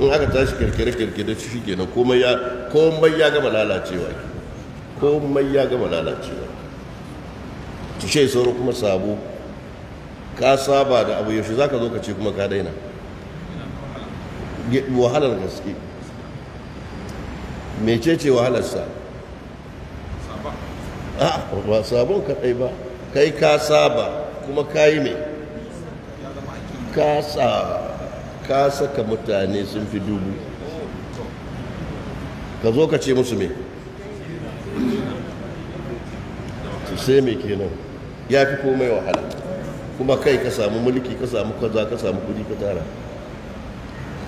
in aka tashi kirkire kirkire shi shi kenan komai ya komai ya gama lalacewa komai ya gama lalacewa ki tushe sauro kuma sabo ka saba da abu yaushe zaka zo ka ce kuma ka daina wahalar gaske mecece wahalarsa a ba sabon kaɗai ba kai ka saba kuma ka yi mai ka saba ka saka mutane sun fi dubu ka zo ka ce musu me sai me kenan ya fi komai wahala kuma kai ka samu mulki ka samu kaza ka samu kudi ka tara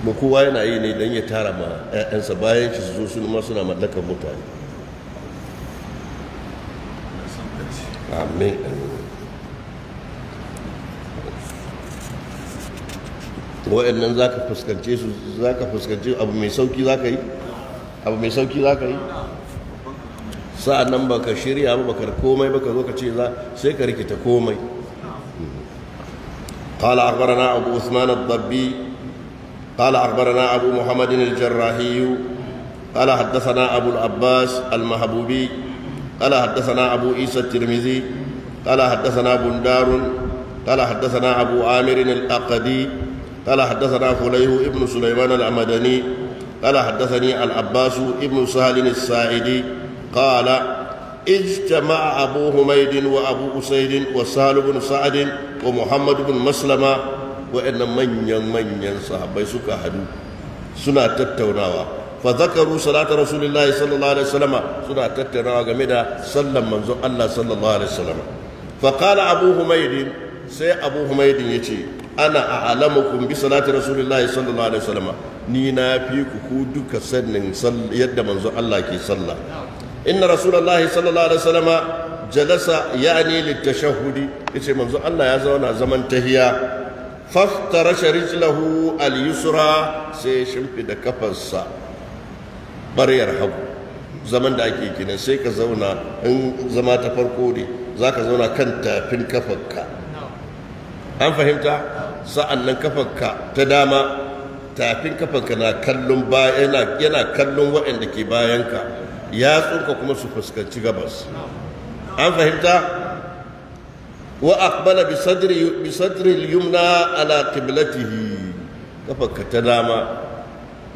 mu kowa yana yi ne don ya tara ma 'ya'yansa bayan shi su zo su ma suna mallakar mutane amin amin wa'annan za ka fuskance su za ka fuskance abu mai sauki za ka yi abu mai sauki za ka yi sa'an nan ba ka shirya ba ka komai ba ka zo ka ce za sai ka rikita komai قال أخبرنا أبو عثمان الضبي قال أخبرنا أبو محمد الجراحي قال حدثنا أبو العباس المهبوبي قال حدثنا أبو عيسى الترمذي قال حدثنا بندار قال حدثنا أبو عامر الأقدي قال حدثنا خليه ابن سليمان العمداني قال حدثني العباس ابن سهل الساعدي قال اجتمع أبو حميد وأبو أسيد وسهل بن سعد ومحمد بن مسلمة وإن من من صحابي سكا هدو سنة تتوناوا فذكروا صلاة رسول الله صلى الله عليه وسلم سنة تتوناوا جميلة صلى منزو الله صلى الله عليه وسلم فقال أبو حميد سي أبو حميد يتي ana a'lamukum bi salati rasulillahi sallallahu alaihi wasallam ni na fi ku ku duka sannin yadda manzo Allah ke sallah inna rasulullahi sallallahu alaihi wasallam jalasa ya'ni litashahhudi yace manzo Allah ya zauna zaman tahiya faftarasha rijlahu al-yusra sai shimfida kafarsa bariyar hagu zaman da ake kina sai ka zauna in zama ta farko ne zaka zauna kan tafin kafarka an fahimta sa'annan kafanka ta dama tafin kafanka na kallon bayan yana kallon waɗanda ke bayanka tsunka kuma su fuskanci gabas an fahimta wa aqbala bi sadri bi sadri al-yumna ala qiblatihi kafanka ta dama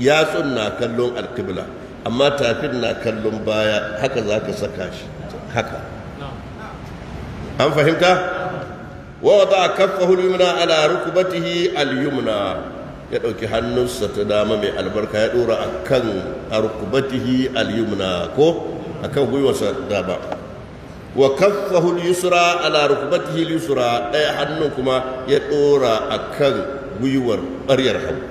yatsun na kallon al-qibla amma tafin na kallon baya haka zaka saka shi haka an fahimta wa wada kaffahu al-yumna ala rukbatihi al ya ɗauki hannunsa ta dama mai albarka ya dora akan rukbatihi al-yumna ko akan gwiwarsa dama wa kaffahu al-yusra ala rukbatihi al-yusra ɗaya hannun kuma ya dora akan gwiwar ɓaryar hagu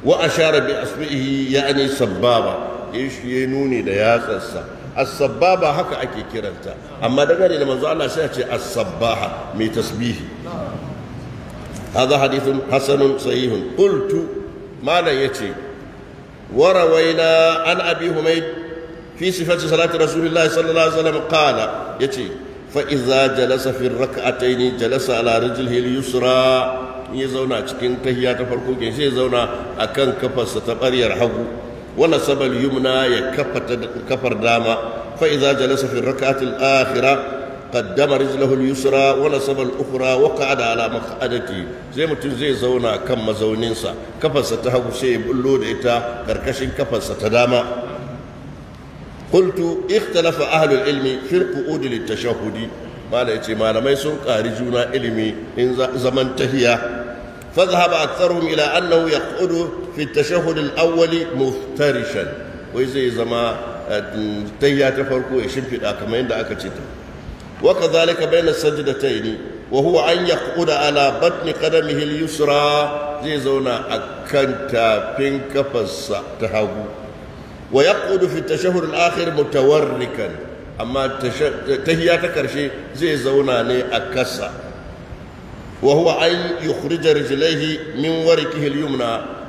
wa bi asbihi ya'ni sabbaba ya nuni da yatsarsa as ba haka ake kiranta amma daga ne da manzo Allah sai ya ce as-sabbaha mai tasbihi hadha hadithun hasanun Malam qultu malan yace warawaina an abi humayd fi sifati salati rasulillahi sallallahu alaihi wasallam qala yace fa iza jalasa fi rak'atayn jalasa ala rijlihi al-yusra ya zauna cikin tahiyya ta farko ke sai zauna a kan kafarsa ta ɓaryar hagu wala sabal yumna ya kafar dama Fa'iza, idza jalasa fi rak'ati al-akhirah qaddama rijlahu al-yusra wa nasaba al-ukhra wa qa'ada ala sai mutum zai zauna kan mazauninsa kafarsa ta hagu sai ya bullo da ita karkashin kafarsa ta dama قلت اختلف أهل العلم في القعود للتشهد ما لا يتي ما لم يسون قارجونا علمي إن زمن تهيا فذهب أكثرهم إلى أنه يقعد fi tashahhud al-awwali muftarishan wai zai zama tayya eh, ta farko ya shimfida kamar yadda aka ce ta wa kadhalika bayna sajdatayn wa huwa an yaquda ala batni qadamihi al zai zauna akan tafin kafarsa ta hagu wa yaqudu amma ta karshe zai zauna ne a kasa وهو أن يخرج رجليه من وركه اليمنى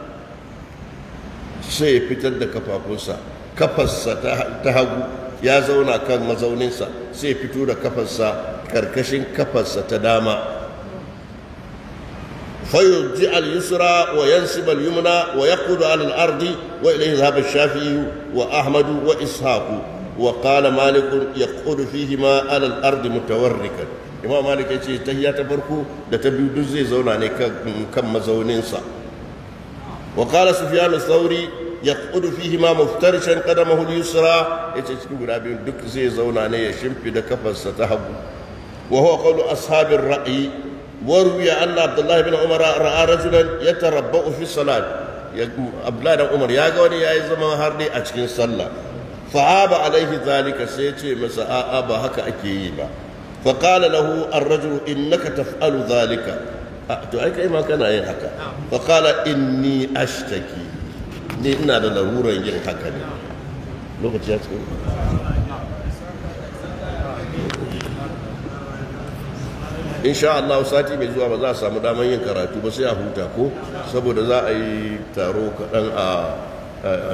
sai ya fitar da kafafunsa kafarsa ta hagu ya zauna kan mazauninsa sai fito da kafarsa karkashin kafarsa ta dama fayurji al-yusra wa yansib yumna wa yaqudu ala al-ardi wa ilayhi dhahaba ash-shafi'i wa Ahmadu wa ishaq wa qala malik yaqudu fihi ma al-ardi mutawarrikan imam malik yace tahiyya ta farko da ta biyu duk zai zauna ne kan mazauninsa وقال سفيان الثوري يقعد فيهما مفترشا قدمه اليسرى yace cikin guda biyu duk zai zauna ne ya shimfida kafarsa ta hagu wa huwa qawlu ashabir ra'i wa ruwiya anna abdullah ibn umar ra'a rajulan yatarabba'u fi salat abdullah umar ya ga wani yayi zaman har dai a cikin sallah fa'aba alaihi zalika sai yace masa a'a ba haka ake yi ba fa qala lahu ar-rajulu innaka taf'alu zalika to ai kai ma kana yin haka fa qala inni ashtaki ni ina da laruran yin haka ne lokaci ya tsoro insha Allah sati mai zuwa ba za a samu daman yin karatu ba sai a huta ko saboda za a yi taro kaɗan a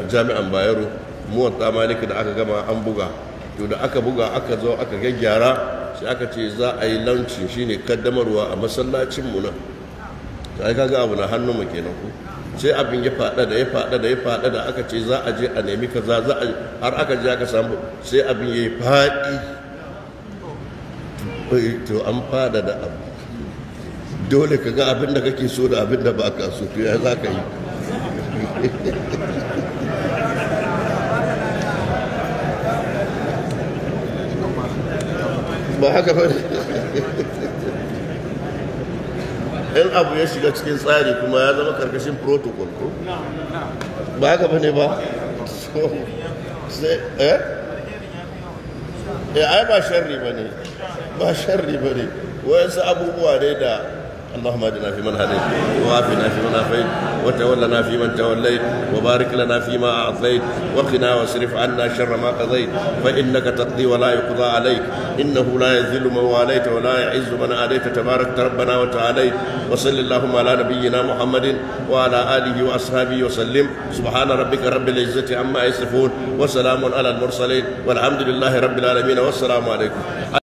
jami'an bayero muwatta maliki da aka gama an buga to da aka buga aka zo aka gyaggyara sai aka ce za a yi launcin shine kaddamarwa a masallacin mu nan sai kaga abu na hannun mu kenan ko sai abin ya fada da ya fada da ya fada da aka ce za a je a nemi kaza za a har aka je aka samu sai abin ya fadi to an fada da abu dole ka ga abin da kake so da abin da ba ka so to ya za ka yi [laughs] ba haka ba in abu ya shiga cikin tsari kuma ya zama karkashin protocol ko ba haka ba ne ba sai eh? Eh, ai ba sharri ba ne ba sharri ba ne wayansu abubuwa ne da اللهم اهدنا فيمن هديت وعافنا فيمن عافيت وتولنا فيمن توليت وبارك لنا فيما اعطيت وقنا واصرف عنا شر ما قضيت فانك تقضي ولا يقضى عليك انه لا يذل من واليت ولا يعز من عليت تبارك ربنا وتعاليت وصل اللهم على نبينا محمد وعلى اله واصحابه وسلم سبحان ربك رب العزه عما يصفون وسلام على المرسلين والحمد لله رب العالمين والسلام عليكم